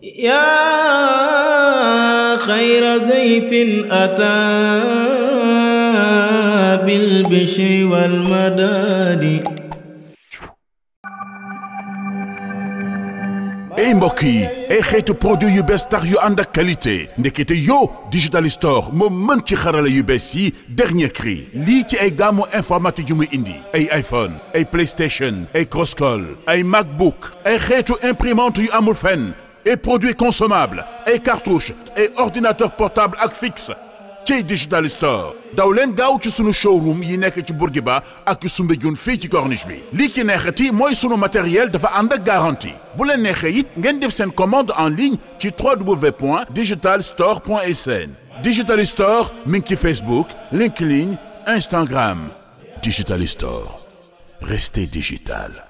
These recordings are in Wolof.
yaa xayra dayfin ataa bil bishri wal madaadi ay mbokk yi ay xeetu produit yu bes tax yu ànd ak qualité ndekete yow digital store moo mën ci xarala yu bes yi dernier cri lii ci ay gamme informatique yu muy indi ay iPhone ay PlayStation ay Crosscall ay MacBook ay xeetu imprimante yu amul fenn et produits consommables ay cartouches et ordinateur portable ak fixe ci Digital Store daw leen gaaw ci sunu showroom yi nekk ci Bourguiba ak Soumbédioune fi ci corniche bi lii ci neexati mooy sunu matériel dafa ànd ak garantie bu leen neexee it ngeen def seen commande en ligne ci www.digitalstore.sn Digital Store mi ngi ci Facebook LinkedIn Instagram Digital Store restez digital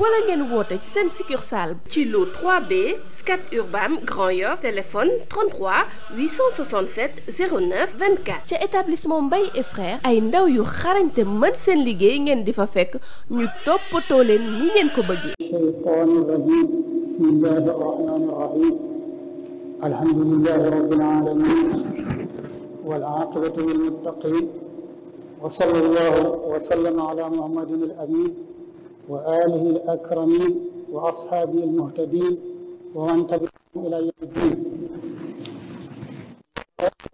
wala ngeen woote ci seen succursale ci lu 3B Scat Urbam Grand Yoff téléphone 33 867 09 24 ca établissement Mbaye et frères ay ndaw yu xarañte mën seen liggéey ngeen di fa fekk ñu toppatoo leen ni ngeen ko bëggee sheytaan rajim bismillahi rahmani rahim alhamdulillahi rabbil alamin wal aqibatu lil muttaqin wa sallallahu wa sallama ala muhammadin al amin وآله الأكرمين وأصحابه المهتدين ومن تبعهم إلى يوم الدين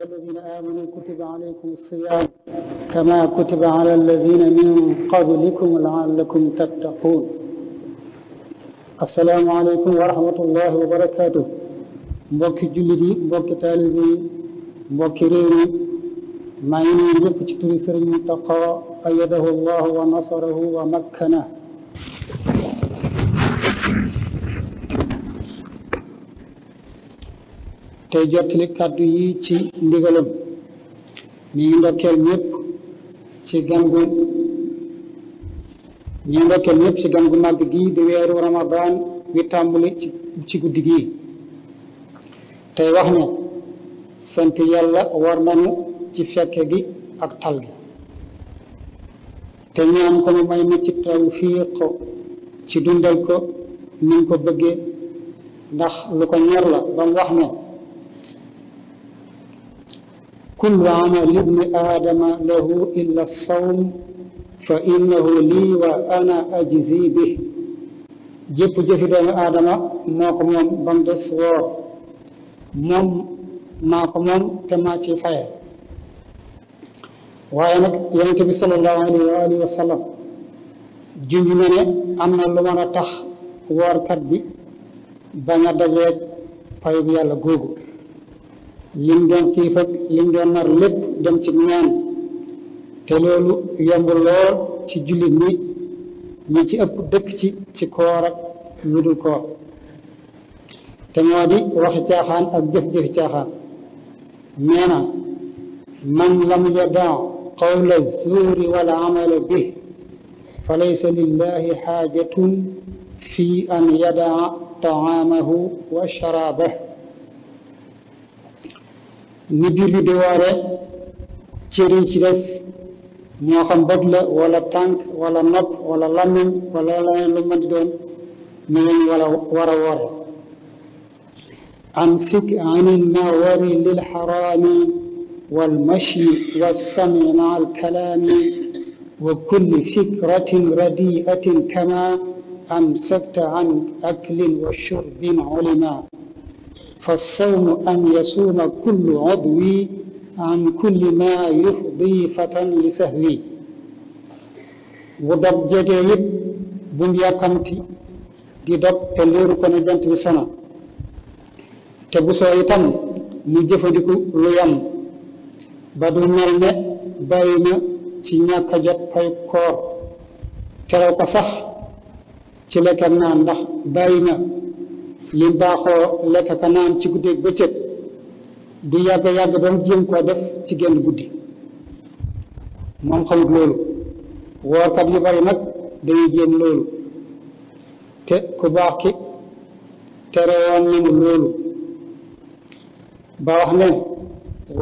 الذين آمنوا كتب عليكم الصيام كما كتب على الذين من قبلكم لعلكم تتقون السلام عليكم ورحمة الله وبركاته mbokki jullit yi mbokki taalibe yi mbokki réew yi maa ngi nuyu ñëpp ci turi sëriñ Muntaqa ayyadahu llahu wa nasarahu wa makkana tey jottali kàddu yi ci ndigalam mi ngi ndokkeel ñëpp ci gan gu ci gan gu màgg gi di weeru ramadan wi tàmbali ci ci guddi gi tey wax ne sant yàlla war nanu ci fekke gi ak tal gi te ñaan ko mu may na ci tawfiq ci dundal ko ni mu ko bëggee ndax lu ko ñor la ba mu wax ne كل عمل ابن آدم له إلا الصوم فإنه لي وأنا أجزي به jëpp jëfi doomu aadama moo ko moom ba des woor moom maa moom te maa ci faye waaye nag yonente bi salallahu alayhi wa alihi wa na ne am na lu a tax woorkat bi bañ a dajeeg payub yàlla googu lim doon xiif ak doon nar lépp dem ci ñaan te loolu ci jullit ñi ñi ci ëpp dëkk ci ci koor ak ñu koor te ñoo waxi caaxaan ak jëf-jëfi caaxaan nee na man lam yadaa qawla zuuri wal amala bi fa laysa lillahi xaajatun fi an yadaa taamahu wa sharaabahu ni julli di woore cëriñ ci des ñoo xam bët la wala tànk wala nopp wala làmmiñ wala leneen lu mën di doon ñu leen wala war a woore amsik an nawari lil xaraami wal mashi wal sami ma al kalaami wa kulli fikratin radiatin kama amsakta an aklin wa shurbin ulima فالصوم أن يصوم كل عضوي عن كل ما يفضي فتن لسهوي bu dog jegee yit bum yàkkamti di dog te leeru ko jant bi sona te bu soo itam mu jëfandiku lu yam ba du mel ne bàyyi na ci ñàkk a jot pay koor terew ko sax ci lekk ak ndax bàyyi na lim baaxoo lekk ka naan ci guddeeg bëccëg du yàgg yàgg ba mu ko def ci genn guddi moom xamut loolu woorkat yu bari nag dañuy jéem loolu te ku baax ki tere woon loolu ba ne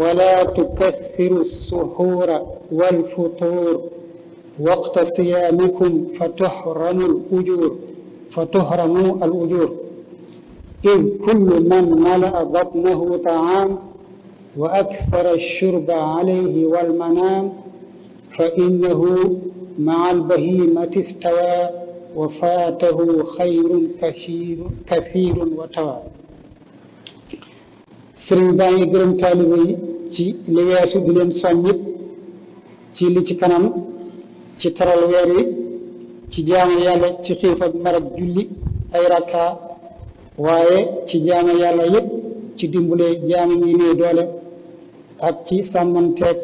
wala tukathiru suxuura wal futuur waqta siyaamikum fa tuhramu al ujur fa tuhramu al ujur إذ كل من ملأ بطنه طعام وأكثر الشرب عليه والمنام فإنه مع البهيمة استوى وفاته خير كثير كثير وتوى sëriñ baa ngi gërëm taalibe yi ci li weesu di leen soññit ci li ci kanam ci taral weer wi ci jaamu yàlla ci xiif ak mar ak julli ay rakka waaye ci jaamu yàlla yëpp ci dimbale jaamu ñi néew doole ak ci sàmmanteeg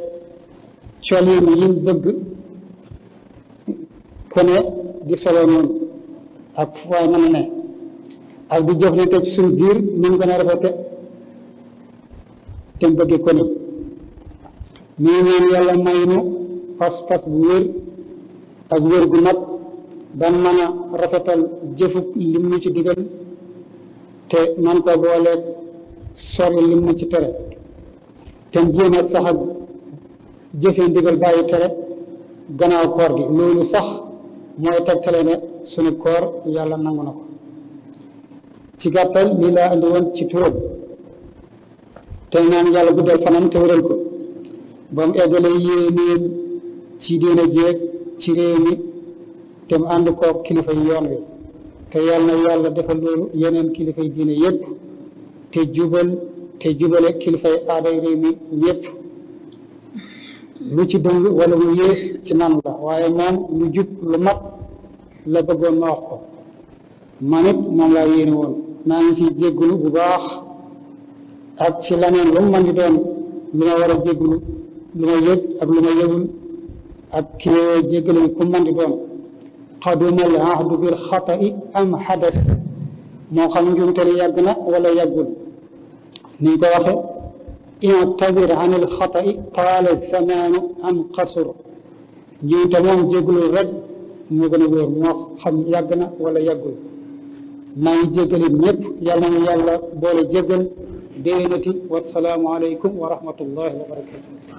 colin yiñ bëgg ku ne di solo noonu ak fu waay ak di jëflante ci suñu biir ni mu gën a rafete te bëgge ko ni mi ñaan yàlla may nu pas-pas bu wér ak wér gu mat ba mën rafetal jëfu lim ci digal te man ko booleeg sori lim ma ci tere te jéem a sax ak jëfe ndigal bàyyi tere gannaaw koor gi loolu sax mooy tegtale ne sunu koor yàlla nangu na ko ci gàttal lii laa andi woon ci turam te naan yàlla guddal fanam te wéral ko ba mu eggale yéeneen ci diine jéeg ci réew mi te mu ànd ko kilifa yoon wi te yàlla na yàlla defal loolu yeneen kilifay diine yëpp te jubal te jubale kilifay aaday réew mi ñëpp lu ci dëng wala mu yées ci nan la waaye moom lu jub lu mat la bëggoon ma wax ko man moom laa yéene woon ngi ci jéggulu bu baax ak ci laneen lu mu man di doon lu ma war a jéggulu lu ma yëg ak lu ma yëgul ak ki jéggalu ku man di doon qaduma al ahdu bil xatai am xadas moo xam njuumte li yàgg na wala yàggul ni ko waxe i'tadir an al xatai taala zamaanu am qasur njuumte moom jéglu rek moo gën a wóor moo xam yàgg na wala yàggul maa ngi jégali ñëpp yàlla na yàlla boole jégal déwénati wasalaamu aleykum wa rahmatullahi wa barakatu